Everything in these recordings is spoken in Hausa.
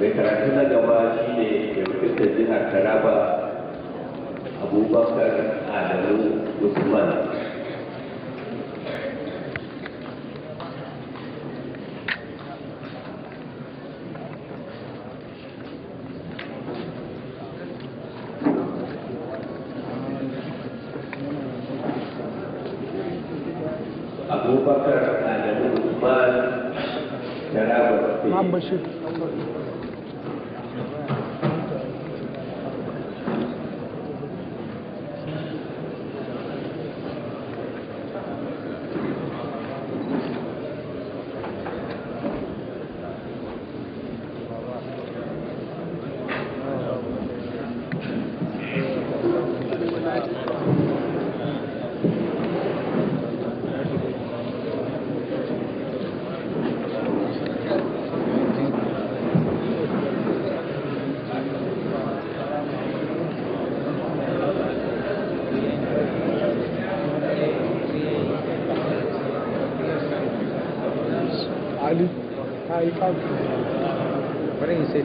mai karatu na gaba shi ne mai jihar taraba abubakar adamu usman aí faz. Porém, você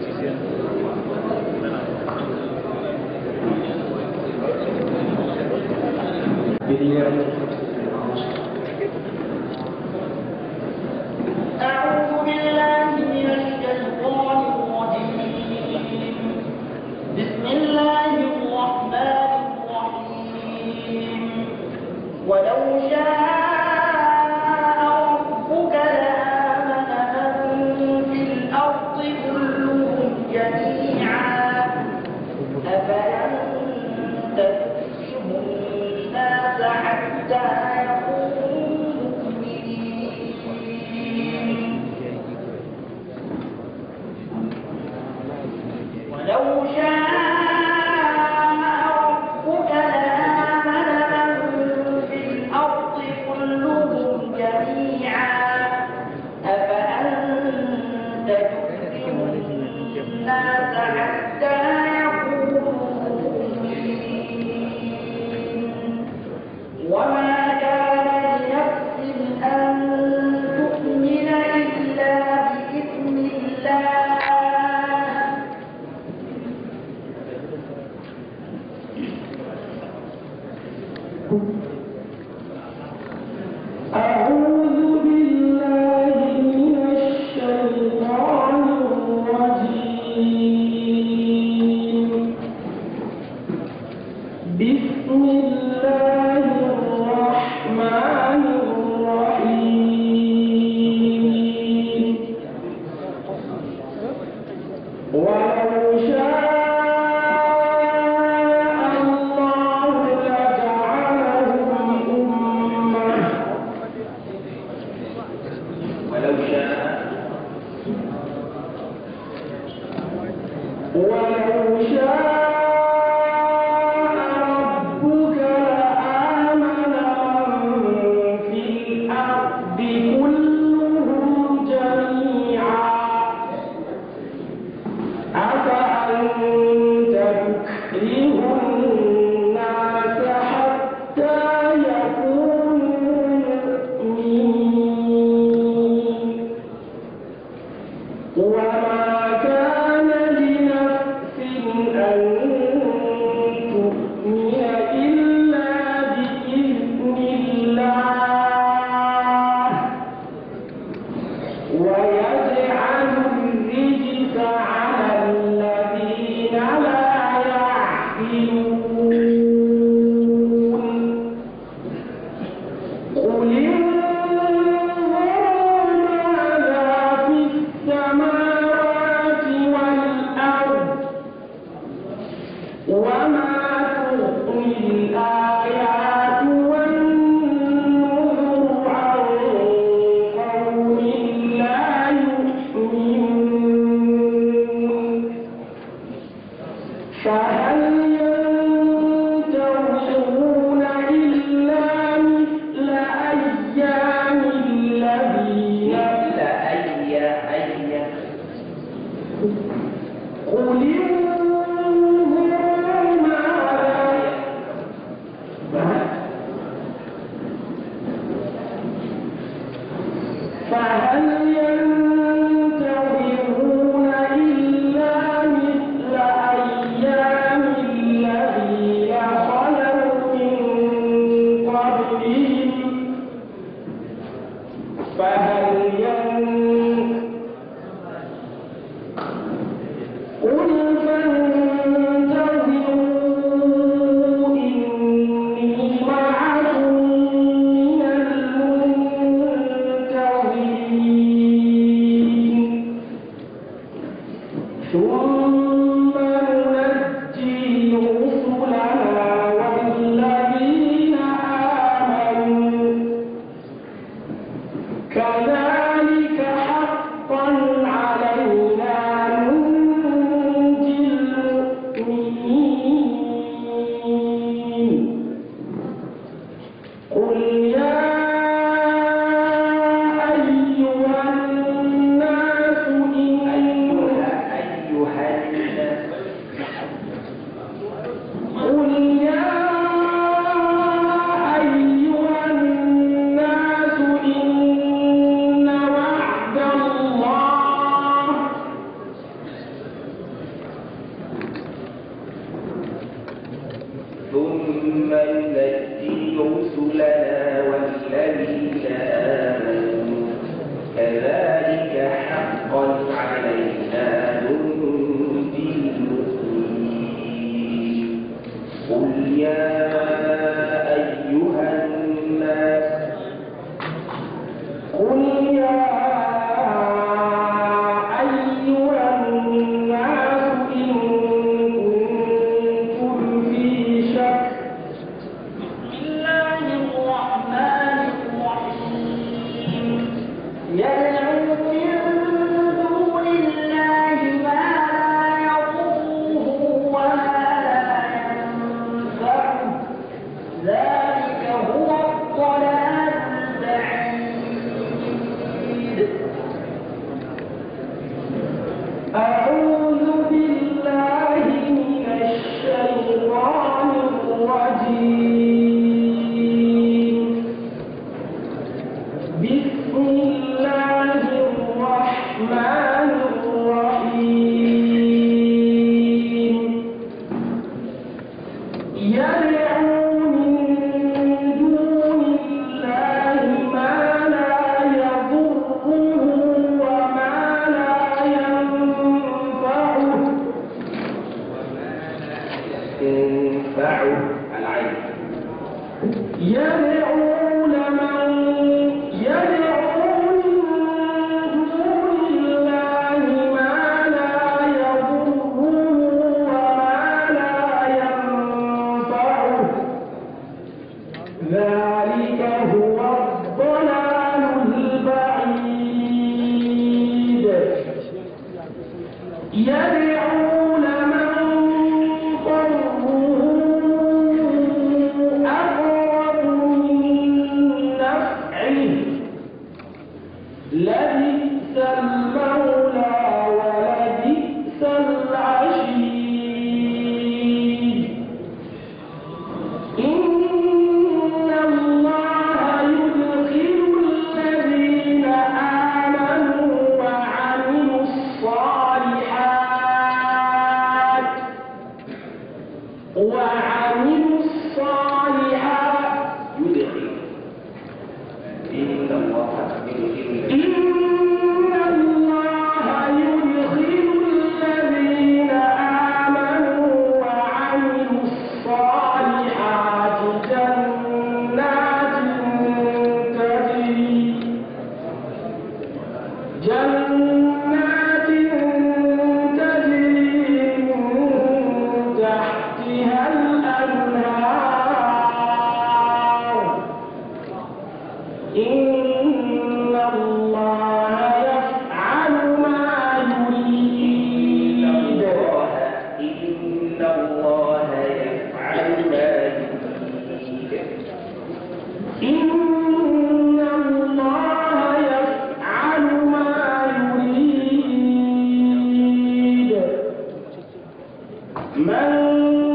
Thank you. five Cada يدعو من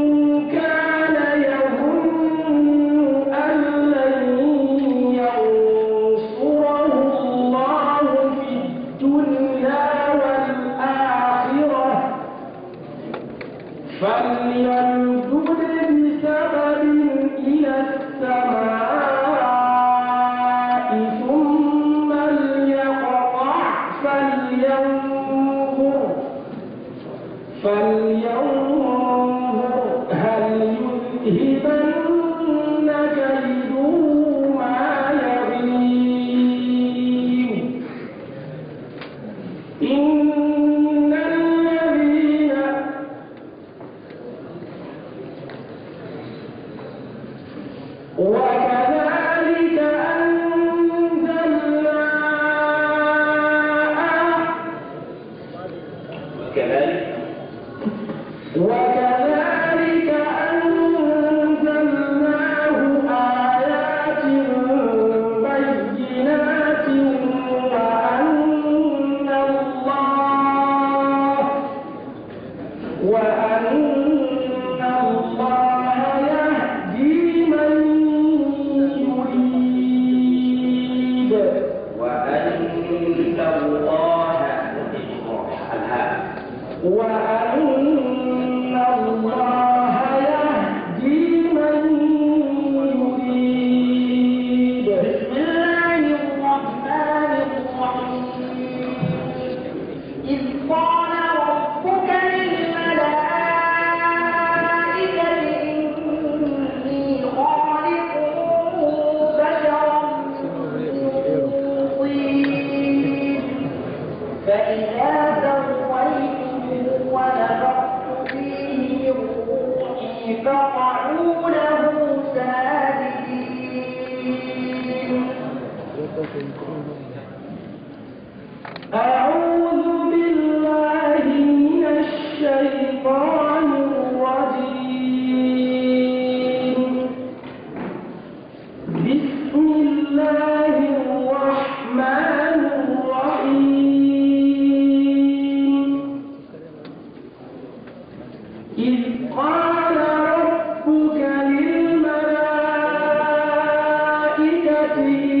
me.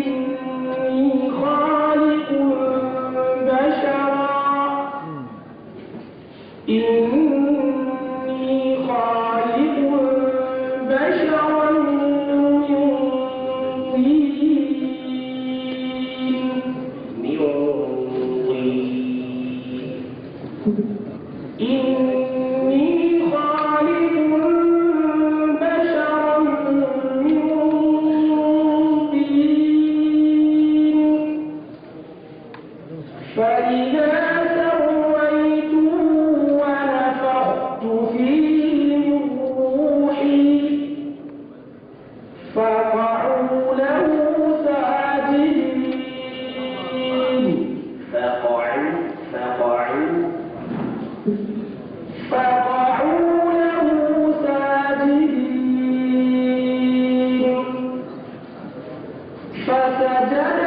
Brother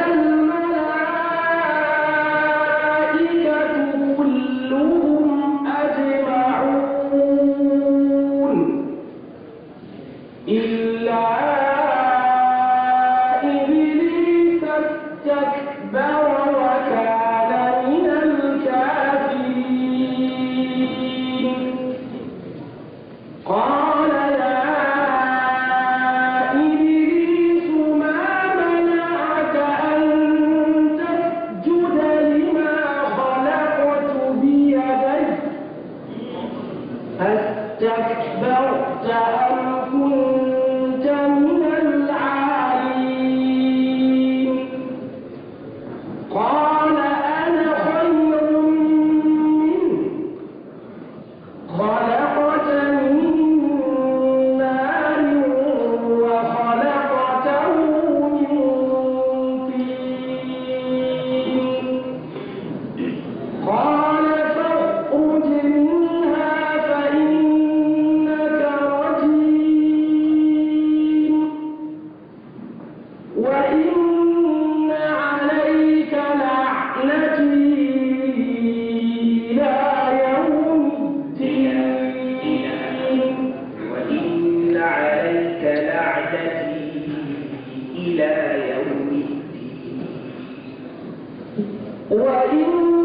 وإن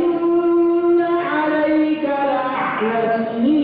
وإن عليك لعنتي